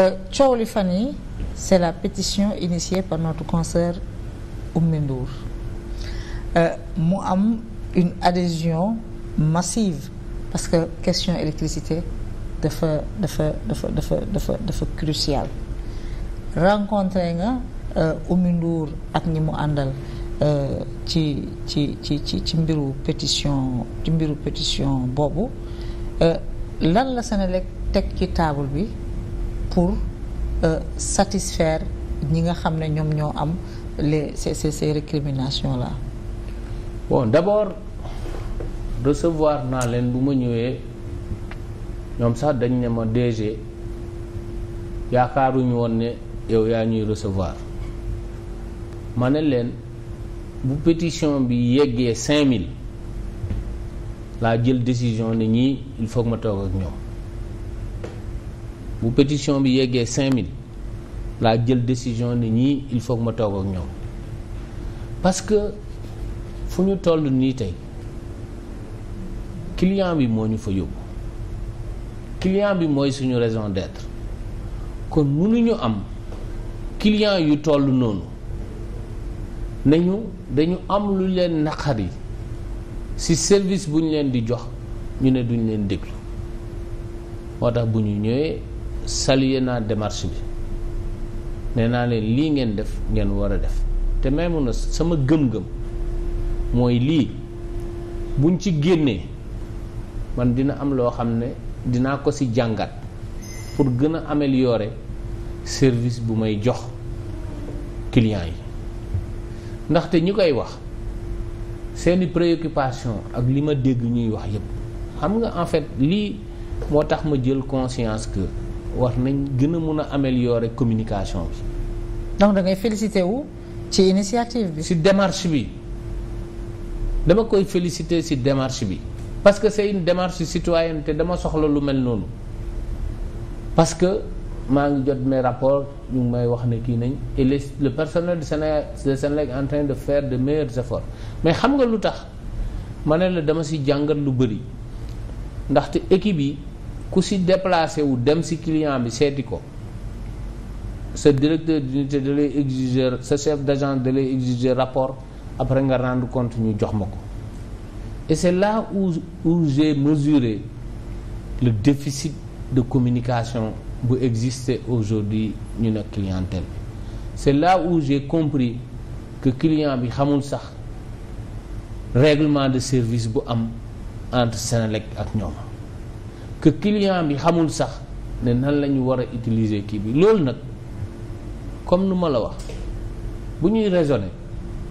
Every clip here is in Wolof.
Euh, coow li fan yi c'est la pétition initiée par notre consoeur Oumy Ndour euh, mu am une adhésion massive parce que question électricité dafa dafa dafa dafa dafa dafa crucial rencontré nga euh, Oumy Ndour ak ñi mu àndal ci ci ci ci ci mbiru pétition ci mbiru pétition boobu lan la Senelec teg ci table bi pour euh, satisfaire ñi nga xam ne ñoom ñoo am les ces ces ces récriminations là. bon d'abord recevoir naa leen bu ma ñëwee ñoom sax dañ ne ma DG yaakaaruñ woon ne yow yaa ñuy recevoir ma ne leen bu pétition bi yeggee 5000 laa jël décision ne ñii il faut ma toog ak ñoom. bu pétition bi yeggee 5000 laa jël décision ni ñi il faut ma toog ak ñoom parce que fu ñu toll nii tey client bi moo ñu fa yóbbu client bi mooy suñu raison d'être kon mënuñu am client yu toll noonu nañu dañu am lu leen naqari ci service bu ñu leen di jox ñu ne duñ leen déglu moo tax bu ñu ñëwee. saluer naa démarche bi nee naa leen lii ngeen def ngeen war a def te même na sama gëm-gëm mooy lii buñ ci génnee man dina am loo xam ne dinaa ko ci jàngat pour gën a améliorer service bu may jox clients yi ndaxte ñu koy wax seeni préoccupation ak li ma dégg ñuy wax yépp xam nga en fait lii moo tax ma jël conscience que wax nañ gën a mun a améliorer communication bi. donc da ngay félicité wu ci initiative bi. si démarche bi dama koy félicité si démarche bi parce que c'est une démarche citoyenne te dama soxla lu mel noonu parce que maa ngi jot mes rapport ñu may wax ne kii nañ et les le personnel du Sénégal le Sénégal en train de fair de meilleurs efforts mais xam nga lu tax ma ne la dama si jàngat lu bëri ndaxte équipe yi. ku si déplacé wu dem si client bi seeti ko sa directeur d'unité da lay exiger sa chef d'agent da lay exiger rapport après nga rendre compte ñu jox ma ko et c'est là où où j'ai mesuré le déficit de communication bu exister aujourd'hui ñu ne clientèle bi c'est là où compris que client bi xamul sax règlement de service bu am entre Senelec ak ñoom que client bi xamul sax ne nan la ñu war a utiliser kii bi loolu nag comme nu ma la wax bu ñuy raisonner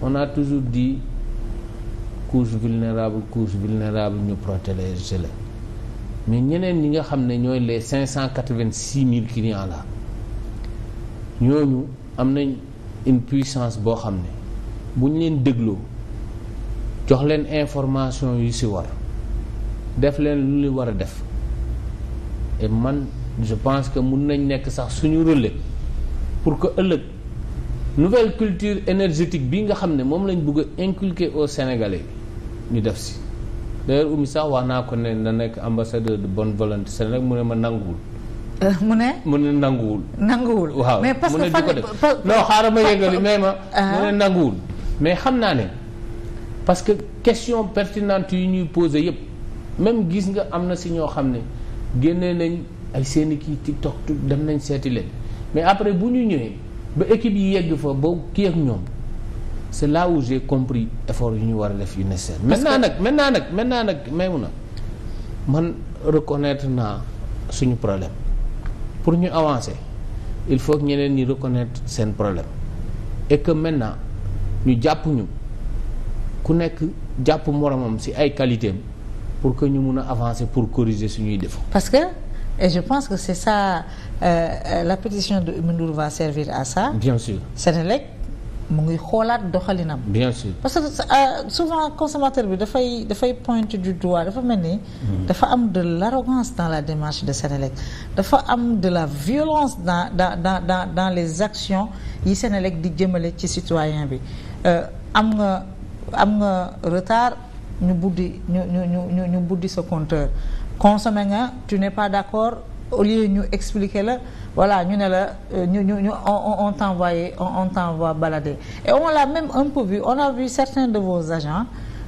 on naa toujours di couche vulnérable couche vulnérable ñu protéger la mais ñeneen ñi nga xam ne ñooy les cinq cent quatre-vingt-six mille clients là ñooñu am nañ une puissance boo xam ne bu ñu leen dégloo jox leen information yu si war def leen lu ñu war a def et man je pense que mun nañ nekk sax suñu relais pour que ëllëg nouvelle culture énergétique bi nga xam ne moom lañ bugg a inculquer aux Sénégalais ñu def si d'ailleurs Oumy sax wax naa ko ne na nekk ambassadeur de bonne volonté Sénégal mu ne ma nanguwul euh, mu ne mu ne nanguwul nanguwul waaw mais parce que fan non xaaral ma yëgali mais ma ah. mu mais xam naa ne parce que question pertinente yu ñuy posé yëpp même gis nga am na si ñoo xam ne génnee nañ ay seeni kii TikTok dem nañ seeti leen mais après bu ñu ñëwee ba équipe yi yegg fa ba ki ak ñoom c'est la où j'ai compris effort yu ñu war a def yu nécessaire maintenant nag maintenant nag maintenant nag meemu na man reconnaitre naa suñu problème pour ñu avancer il faut ñeneen ñi reconnaître seen problème et que maintenant ñu jàpp ñu ku nekk jàpp moromam ci ay qualité pour que ñu mun a avancer pour corriger suñuy défaut. parce que et je pense que c'est ça euh, la pétition de Oumou Ndour va servir à ça. bien sûr Sénélec mu ngi xoolaat doxalinam. bien sûr parce que euh, souvent consommateur bi dafay dafay pointe du doigt dafa mel ni. Mm-hmm. dafa am de l'arrogance dans la démarche de Sénélec dafa am de la violence dans dans dans dans, dans les actions yi Sénélec di jëmale ci citoyen bi euh, am nga am nga retard. ñu buddi ñu ñu ñu ñu buddi sa compteur consommé nga tu n'es pas d'accord au lieu ñu expliquer la voilà ñu ne la euh, ñu ñu ñu on on t'envoyé on t'envoie balader et on l'a même un peu vu on a vu certains de vos agents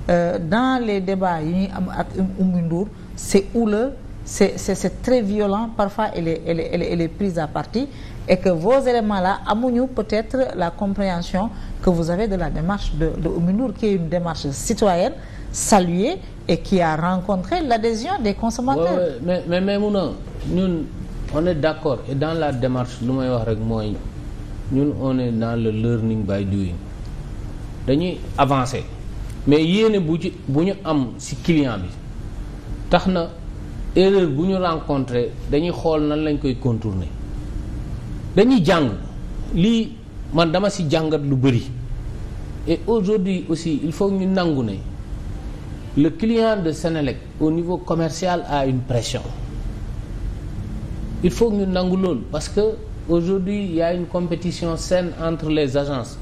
euh, dans les débats yi ñuy am ak Oumy Ndour c'est houleux c'est c'est c'est très violent parfois elle est elle est elle prise à partie et que vos éléments là amuñu peut-être la compréhension que vous avez de la démarche de de oumy est une démarche citoyenne saluée et qui a rencontré l'adhésion des consommateurs. Ouais, mais mais mais Maimouna ñun on est d'accord et dans la démarche lu may wax rek mooy ñun on est dans le learning by doing dañuy avancé mais yéene bu ci bu ñu am ci client bi tax na erreur bu ñu rencontrer dañuy xool nan lañ koy contourner dañuy jàng lii. man dama si jàngat lu bëri et aujourd'hui aussi il faut ñu nangu ne le client de Sénélec au niveau commercial a une pression il faut ñu nangu loolu parce que aujourd'hui il y une compétition saine entre les agences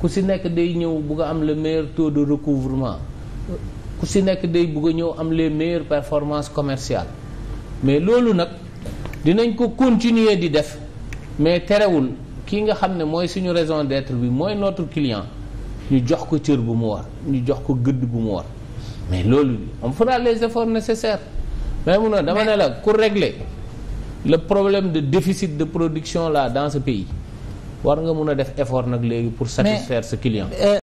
ku si nekk day ñëw bugg am le meilleur taux de recouvrement ku si nekk day bugg a ñëw am les meilleures performances commerciale mais loolu nag dinañ ko continuer di def mais terewul kii nga xam ne mooy suñu raison d'être bi mooy notre client ñu jox ko cër bu mu war ñu jox ko gëdd bu mu war mais loolu on fera les efforts nécessaires mais mun a dama ne la ku régler le problème de déficit de production là dans ce pays war nga mun a def effort nag léegi pour satisfaire ce client euh,